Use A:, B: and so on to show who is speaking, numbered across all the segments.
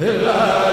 A: la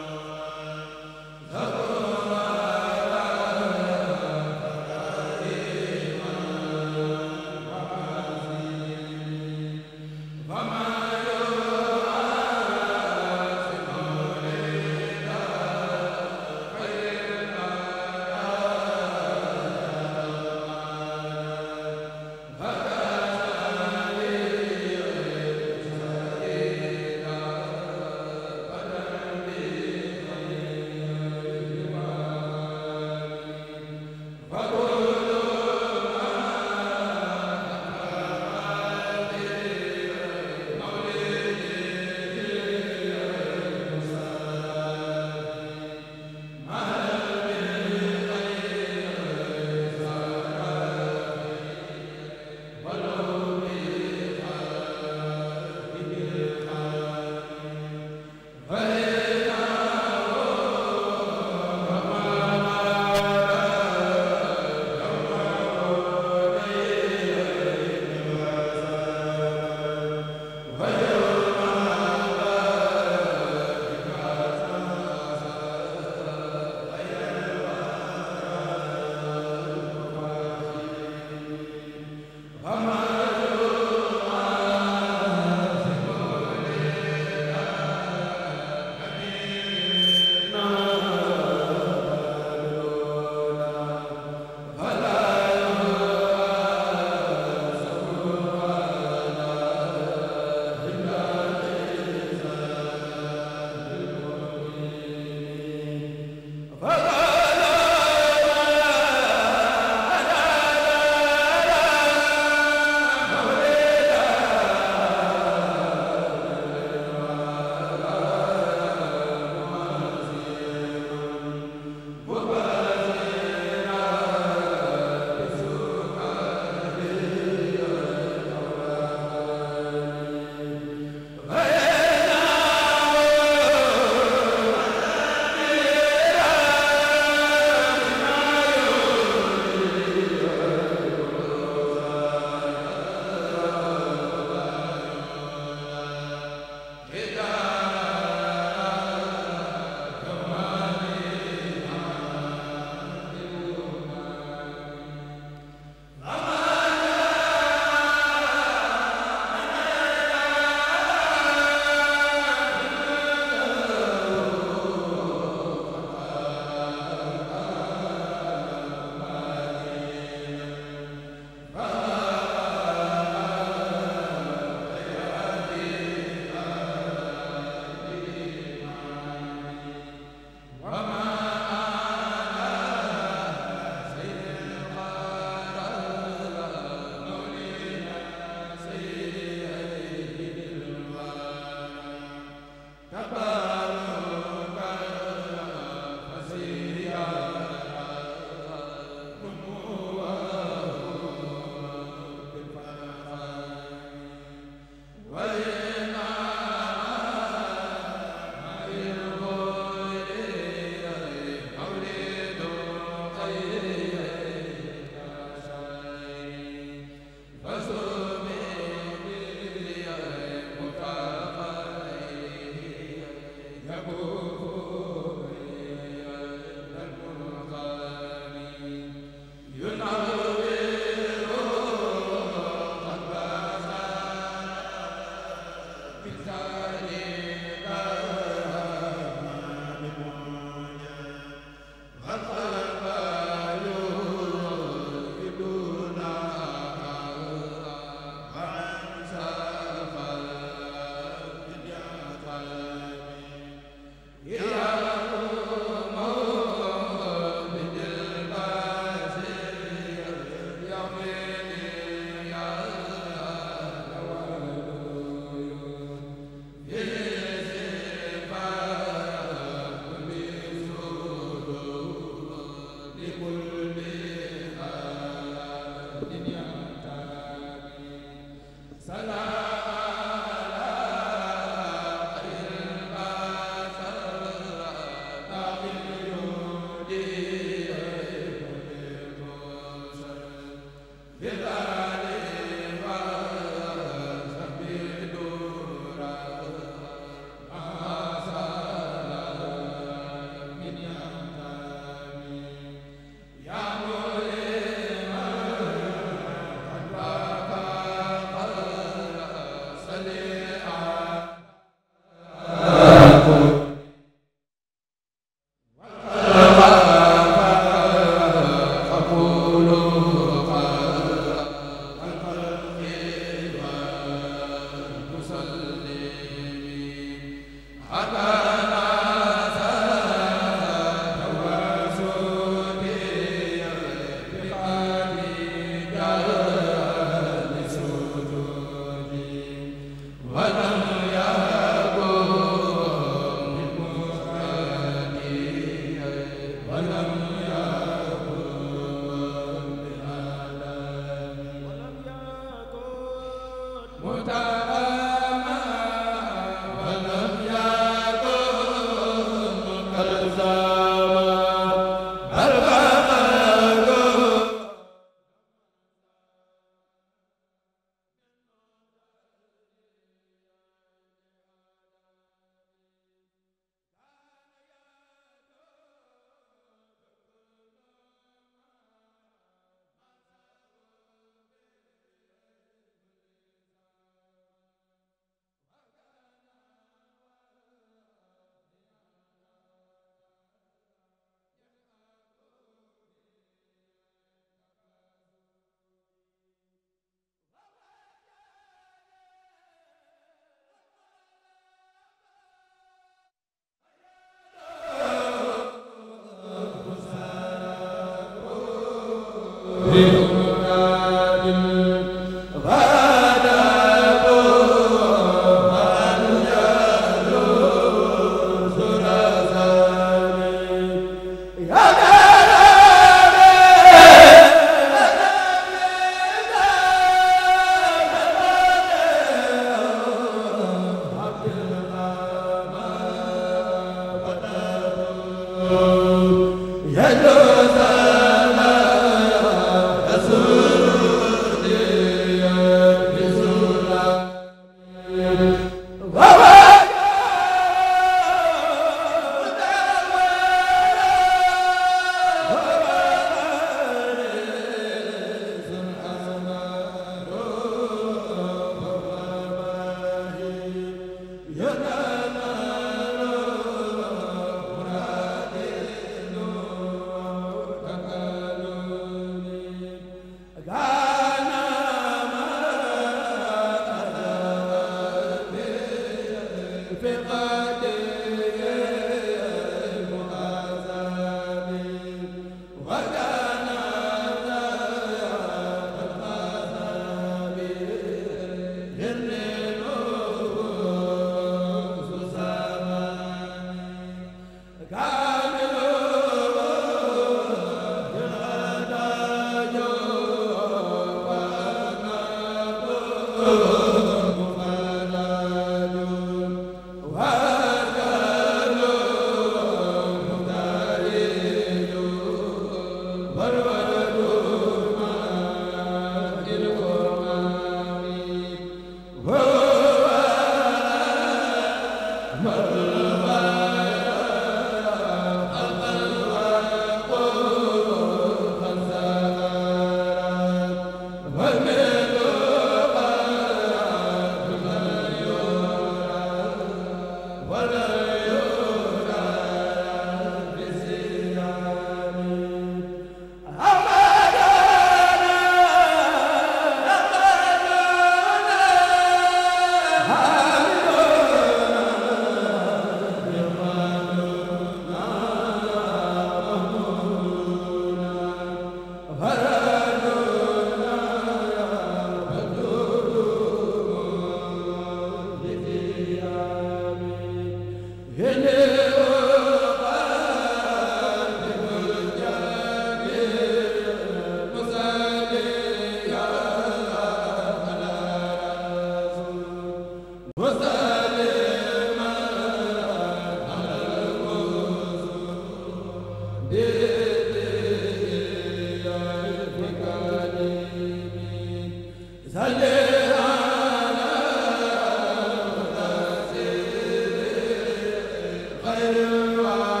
B: xayra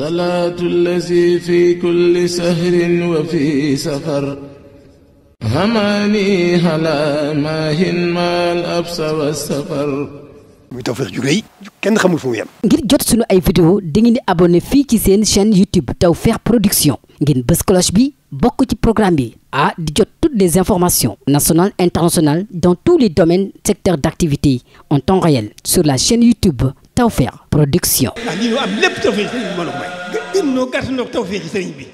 A: salaatu allazi fi kulli sahrin wa fi safar hamaani halaa maahin maal absa wa safar muy Tawfekh ju kenn xamul fu mu
B: ngir jot sunu ay vidéo dangeen di abonné fii ci seen chaîne YouTube Tawfekh Production ngeen bës bi bokk ci programme bi ah di jot toutes des informations national internationales dans tous les domaines secteurs d'activité en temps réel sur la chaîne YouTube Tawfekh Production. Ah, am lépp tawfeex sëriñ bi mën a may. gën noo gàtt noo tawfeex sëriñ bi.